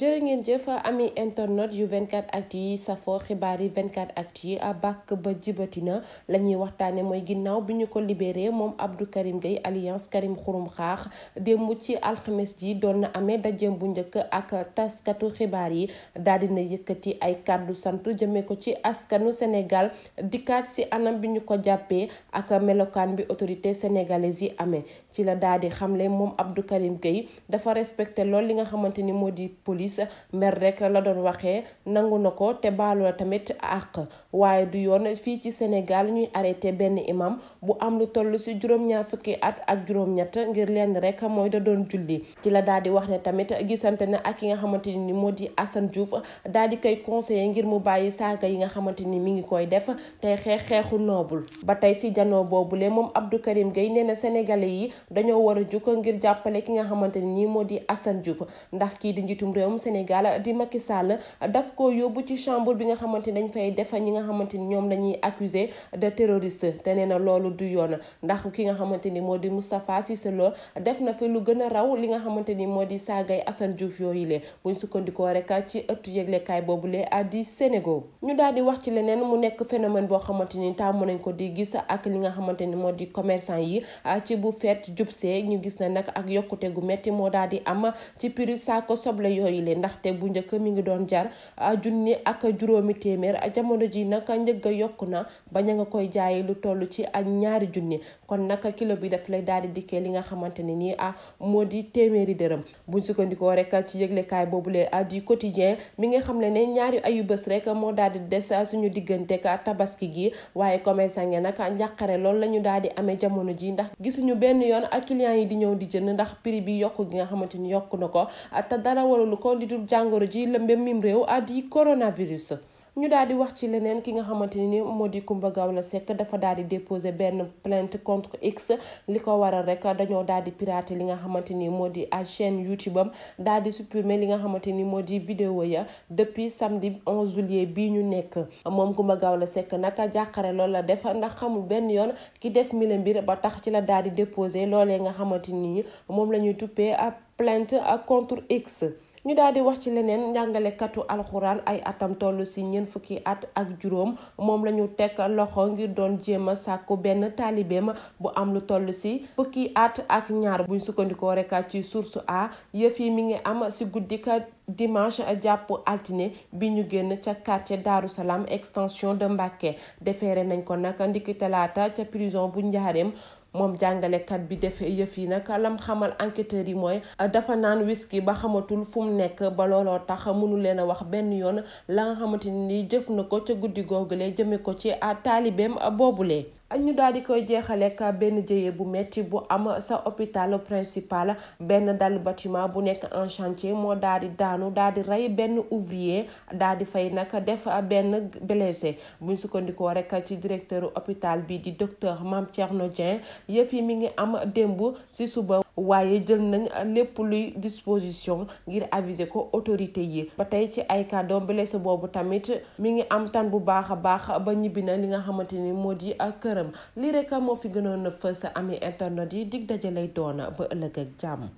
jërë ngeen jëf ami internet yu 24 actu yi safoo xibaar yi 24 actu yi bàkk ba jibatina la ñuy waxtaane mooy ginnaaw bi ñu ko libéré moom Abdou Karim Gueye alliance Karim Xurum Xaax démb ci alxames ji doon na amee dajeem bu njëkk ak taskatu xibaar yi daal na yëkkati ay kàddu sant jëmee ko ci askanu Sénégal dikkaat si anam bi ñu ko jàppee ak melokaan bi autorité sénégalaise yi amee ci la daal di xamle moom Abdou Karim Gueye dafa respecté lool xamante ni moo justice mer rek la doon waxee nangu na ko te baalu tamit àq waaye du yoon fii ci Sénégal ñuy arrêté benn imam bu am lu toll si juróom-ñaar fukki at ak juróom-ñett ngir lenn rek mooy da doon julli ci la daal di wax ne tamit gisante na ak ki nga xamante ni moo di Assane Diouf daal di koy conseiller ngir mu bàyyi saaga yi nga xamante ni mi ngi koy def tey xeex xeexu noobul ba tey si janoo boobule moom Abdou Karim Gueye nee na sénégalais yi dañoo war a jukk ngir jàppale ki nga xamante ni moo di Assane Diouf ndax kii di njiitum réewum Sénégal di Macky Sall daf ko yóbbu ci chambre bi nga xamante ni dañ fay def ñi nga xamante ni ñoom lañuy accusé de terroriste te nee na loolu du yoon ndax ki nga xamante ni moo di Moustapha Cissé Lo def na fi lu gën a raw li nga xamante ni moo di saagay Assane Diouf yooyu le buñ sukkandikoo rek ci ëtt yëglekaay boobu le di Sénégal ñu daal di wax ci leneen mu nekk phénomène boo xamante ni tàmm nañ ko di gis ak li nga xamante ni moo di commerçant yi ci bu feet jubsee ñu gis na nag ak yokkute gu metti moo daal di am ci prix yi leen ndaxte bu njëkk mu ngi doon jar a ah, junni ak juróomi téeméer jamono ji nag njëgg a yokku na ba ña nga koy jaaye lu toll ci ak ñaari junni kon nag kilo bi daf lay daal di dikkee li nga xamante ne nii ah moo di téeméeri dërëm buñ sukkandikoo rek ci yëglekaay boobule ah, di quotidien mi nga xam ne ne ñaari ayu bés rek moo daal di des ah, suñu diggante ak tabaski gi waaye commerçant nag njàqare loolu la ñu daal di amee jamono ji ndax gisuñu benn yoon ak clients yi di ñëw di jënd ndax prix bi yokk gi xamante ni yokk ko ko li dul jàngoro ji lëmbe mim réew àddi coronavirus. ñu daal di wax ci leneen ki nga xamante ni moo di Kumba Gawla Seck dafa daal di déposer benn plainte contre X li ko waral rek dañoo daal di pirater li nga xamante ni moo di à chaîne YouTube am daal di supprimer li nga xamante ni moo di vidéo ya depuis samedi 11 juillet bii ñu nekk moom Kumba Gawla Seck naka jàqare loolu la def ndax xamul benn yoon ki def mi la mbir ba tax ci la daal di déposer loolee nga xamante ni moom la ñuy tuppee ab ak contre X. ñu daal di wax ci leneen njàngalekatu alxuraan ay atam toll si ñeent fukki at ak juróom moom lañu ñu loxo ngir doon jéem a sàkku benn taalibeem bu am lu toll si fukki at ak ñaar buñ sukkandikoo rek ci source a yëf yi mi ngi am si guddi dimanche jàpp altine bi ñu génn ca quartier Daaru Salaam extension de Mbacké defeere nañ ko nag ndiki talaata ca prison bu Njaareem moom jàngalekat bi def yëf yi nag lam xamal enquêteurs yi mooy dafa naan whisky ba xamatul fu nekk ba looloo tax mënu leen a wax benn yoon la nga xamante ni jëf na ko ca guddi googule jëme ko ci taalibeem boobulee ñu daal di koy jeexaleek benn jëye bu metti bu am sa hôpital principal benn dal batiment bu nekk en chantier moo daal di daanu daal di rey benn ouvrier daal di fay nag def benn blessé buñ sukkandikoo rek ci directeur hôpital bi di docteur Mame Thierno Dieng yëf yi mi ngi am démb ci suba waaye jël nañ lépp luy disposition ngir aviser ko autorité yi ba tey ci ay kàddoom blessé boobu tamit mi ngi am tan bu baax a baax ba ñibbi na li nga xamante ni moo di këram lii rek moo fi gënoon a sa ami internet yi dig daje lay doon ba ëllëg ak jàmm